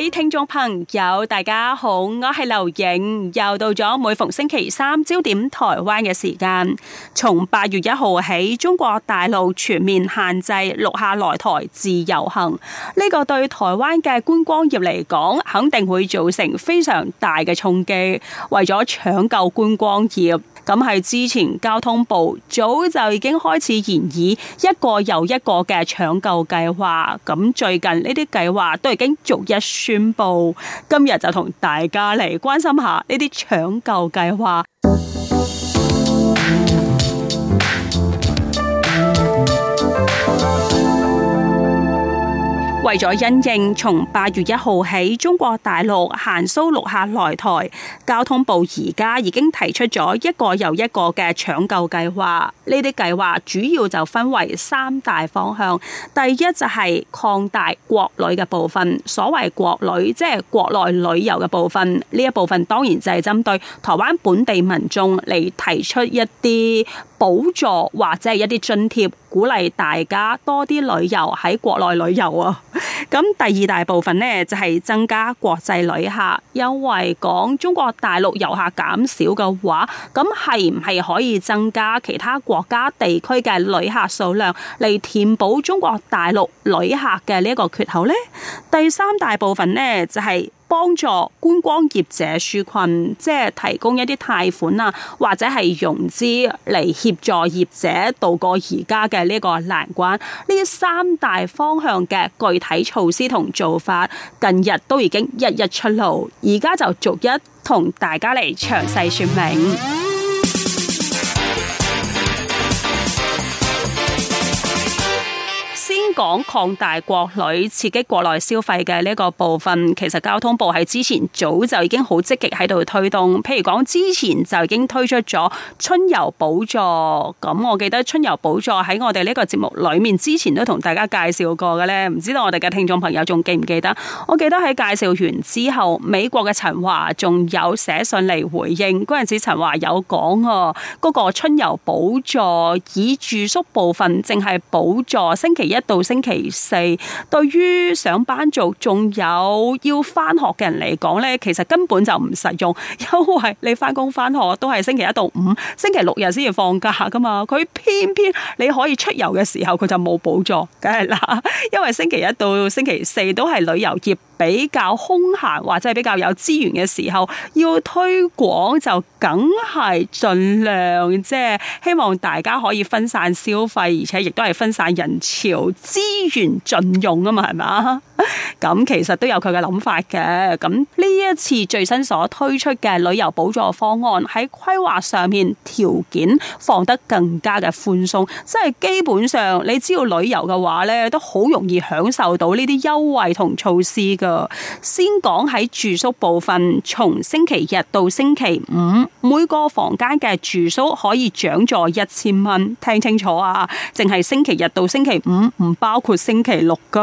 各位聽眾朋友，大家好，我係劉穎，又到咗每逢星期三焦點台灣嘅時間。從八月一號起，中國大陸全面限制陸客來台自由行，呢個對台灣嘅觀光業嚟講，肯定會造成非常大嘅衝擊。爲咗搶救觀光業。咁係之前交通部早就已經開始研擬一個又一個嘅搶救計劃，咁最近呢啲計劃都已經逐一宣布，今日就同大家嚟關心下呢啲搶救計劃。為咗因應從八月一號起中國大陸限縮陸客來台，交通部而家已經提出咗一個又一個嘅搶救計劃。呢啲計劃主要就分為三大方向。第一就係擴大國旅嘅部分，所謂國旅，即係國內旅遊嘅部分。呢一部分當然就係針對台灣本地民眾嚟提出一啲補助或者係一啲津貼，鼓勵大家多啲旅遊喺國內旅遊啊。咁 第二大部分呢，就係、是、增加國際旅客，因為講中國大陸遊客減少嘅話，咁係唔係可以增加其他國家地區嘅旅客數量嚟填補中國大陸旅客嘅呢一個缺口呢？第三大部分呢，就係、是。幫助觀光業者紓困，即係提供一啲貸款啊，或者係融資嚟協助業者渡過而家嘅呢個難關。呢三大方向嘅具體措施同做法，近日都已經日日出爐，而家就逐一同大家嚟詳細説明。講擴大國旅，刺激國內消費嘅呢個部分，其實交通部喺之前早就已經好積極喺度推動。譬如講之前就已經推出咗春遊補助，咁我記得春遊補助喺我哋呢個節目裏面之前都同大家介紹過嘅咧，唔知道我哋嘅聽眾朋友仲記唔記得？我記得喺介紹完之後，美國嘅陳華仲有寫信嚟，回應，嗰陣時陳華有講啊，嗰個春遊補助以住宿部分淨係補助星期一到。星期四，對於上班族仲有，要返學嘅人嚟講咧，其實根本就唔實用，因為你返工返學都係星期一到五，星期六日先至放假噶嘛。佢偏偏你可以出遊嘅時候，佢就冇補助，梗係啦。因為星期一到星期四都係旅遊業比較空閒或者係比較有資源嘅時候，要推廣就梗係盡量，即係希望大家可以分散消費，而且亦都係分散人潮。資源盡用啊嘛，係咪？咁 其實都有佢嘅諗法嘅。咁呢一次最新所推出嘅旅遊補助方案，喺規劃上面條件放得更加嘅寬鬆，即係基本上你只要旅遊嘅話呢，都好容易享受到呢啲優惠同措施噶。先講喺住宿部分，從星期日到星期五，每個房間嘅住宿可以獎助一千蚊。聽清楚啊，淨係星期日到星期五唔包。包括星期六噶，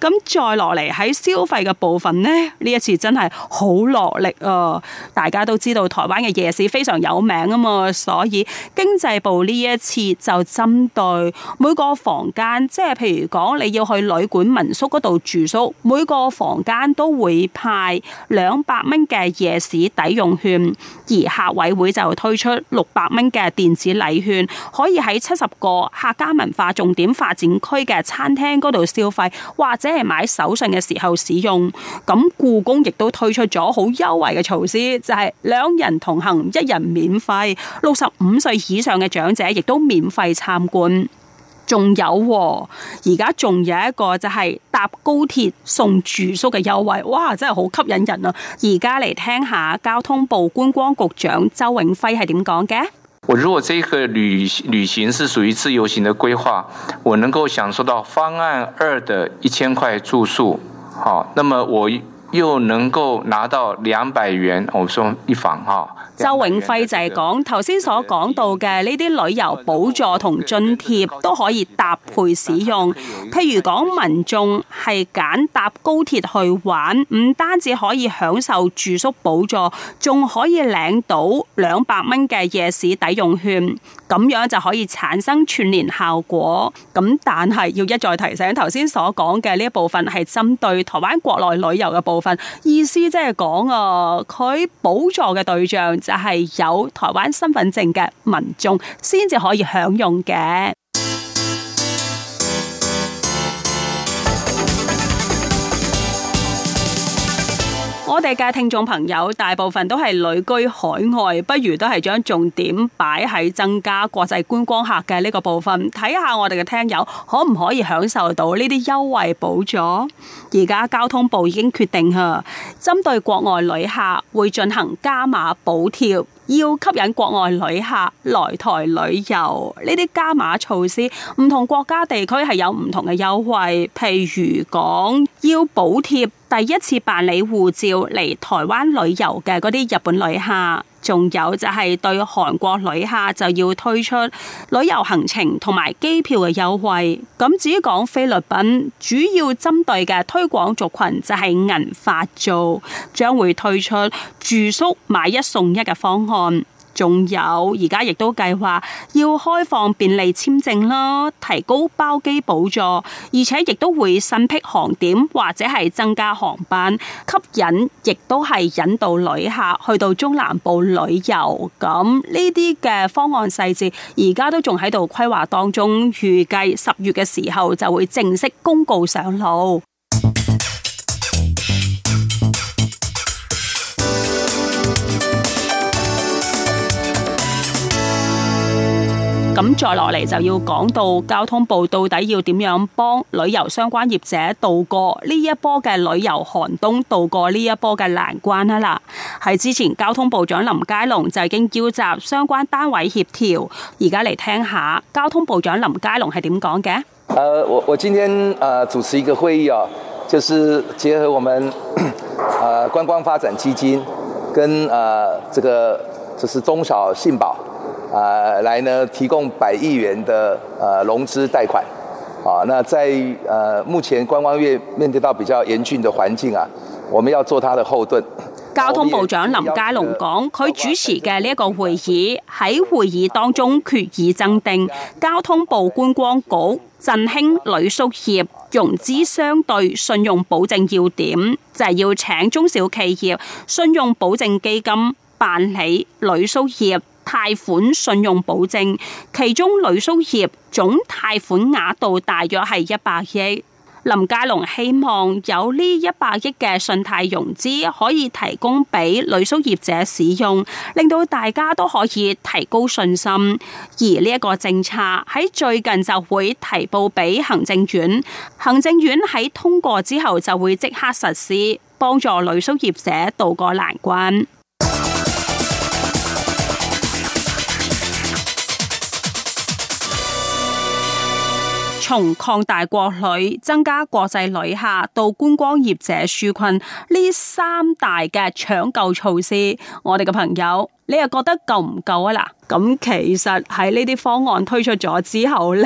咁 再落嚟喺消費嘅部分呢，呢一次真係好落力啊！大家都知道台灣嘅夜市非常有名啊嘛，所以經濟部呢一次就針對每個房間，即係譬如講你要去旅館民宿度住宿，每個房間都會派兩百蚊嘅夜市抵用券，而客委會就推出六百蚊嘅電子禮券，可以喺七十個客家文化重點發展區嘅餐廳嗰度消費或者係買手信嘅時候使用，咁故宮亦都推出咗好優惠嘅措施，就係兩人同行一人免費，六十五歲以上嘅長者亦都免費參觀。仲有，而家仲有一個就係搭高鐵送住宿嘅優惠，哇，真係好吸引人啊！而家嚟聽下交通部觀光局長周永輝係點講嘅？我如果這個旅旅行是屬於自由行的規劃，我能夠享受到方案二的一千塊住宿，好，那麼我，又能夠拿到兩百元，我送一房哈。周永輝就係講頭先所講到嘅呢啲旅遊補助同津貼都可以搭配使用，譬如講民眾係揀搭高鐵去玩，唔單止可以享受住宿補助，仲可以領到兩百蚊嘅夜市抵用券。咁樣就可以產生串聯效果，咁但係要一再提醒，頭先所講嘅呢一部分係針對台灣國內旅遊嘅部分，意思即係講啊，佢補助嘅對象就係有台灣身份證嘅民眾，先至可以享用嘅。我哋嘅聽眾朋友大部分都係旅居海外，不如都係將重點擺喺增加國際觀光客嘅呢個部分。睇下我哋嘅聽友可唔可以享受到呢啲優惠補助？而家交通部已經決定咗，針對國外旅客會進行加碼補貼，要吸引國外旅客來台旅遊。呢啲加碼措施，唔同國家地區係有唔同嘅優惠，譬如講要補貼。第一次辦理護照嚟台灣旅遊嘅嗰啲日本旅客，仲有就係對韓國旅客就要推出旅遊行程同埋機票嘅優惠。咁至於講菲律賓，主要針對嘅推廣族群就係銀髮族，將會推出住宿買一送一嘅方案。仲有而家亦都計劃要開放便利簽證啦，提高包機補助，而且亦都會審批航點或者係增加航班，吸引亦都係引導旅客去到中南部旅遊，咁呢啲嘅方案細節而家都仲喺度規劃當中，預計十月嘅時候就會正式公告上路。咁再落嚟就要講到交通部到底要點樣幫旅遊相關業者渡過呢一波嘅旅遊寒冬，渡過呢一波嘅難關啊！啦，喺之前交通部長林佳龍就已經召集相關單位協調，而家嚟聽下交通部長林佳龍係點講嘅。誒、我我今天、呃、主持一個會議啊，就是結合我們誒、呃、觀光發展基金跟誒、呃、這個就是中小信保。啊，來呢提供百億元的，呃、啊，融資貸款，啊，那在，呃、啊，目前觀光業面對到比較嚴峻的環境啊，我們要做他的後盾。交通部長林佳龍講，佢主持嘅呢一個會議喺會議當中決議增訂交通部觀光局振興旅宿業融資相對信用保證要點，就係、是、要請中小企業信用保證基金辦理旅宿業。貸款信用保證，其中旅宿業總貸款額度大約係一百億。林佳龍希望有呢一百億嘅信貸融資，可以提供俾旅宿業者使用，令到大家都可以提高信心。而呢一個政策喺最近就會提報俾行政院，行政院喺通過之後就會即刻實施，幫助旅宿業者渡過難關。從擴大國旅、增加國際旅客到觀光業者紓困，呢三大嘅搶救措施，我哋嘅朋友。你又覺得夠唔夠啊？嗱，咁其實喺呢啲方案推出咗之後呢，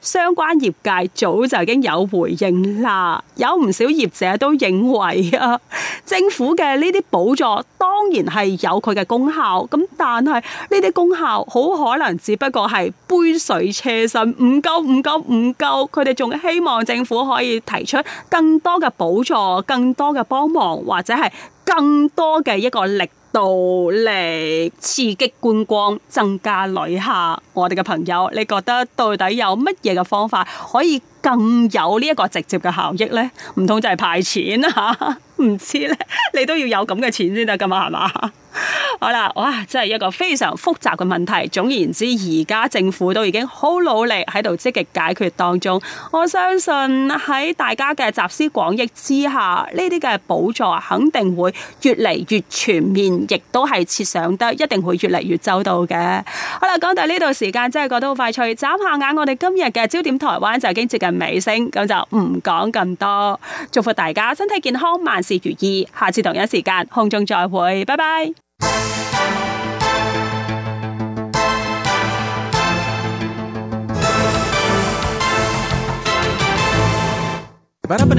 相關業界早就已經有回應啦，有唔少業者都認為啊，政府嘅呢啲補助當然係有佢嘅功效，咁但係呢啲功效好可能只不過係杯水車薪，唔夠唔夠唔夠，佢哋仲希望政府可以提出更多嘅補助、更多嘅幫忙或者係更多嘅一個力量。到嚟刺激觀光，增加旅客。我哋嘅朋友，你覺得到底有乜嘢嘅方法可以？更有呢一個直接嘅效益呢，唔通就係派錢吓？唔 知呢，你都要有咁嘅錢先得噶嘛？係嘛？好啦，哇，真係一個非常複雜嘅問題。總言之，而家政府都已經好努力喺度積極解決當中。我相信喺大家嘅集思廣益之下，呢啲嘅補助肯定會越嚟越全面，亦都係設想得，一定會越嚟越周到嘅。好啦，講到呢度時間真係覺得好快脆，眨下眼我哋今日嘅焦點台灣就已經接近尾聲，咁就唔講咁多。祝福大家身體健康，萬事如意。下次同一時間空中再會，拜拜。拜拜。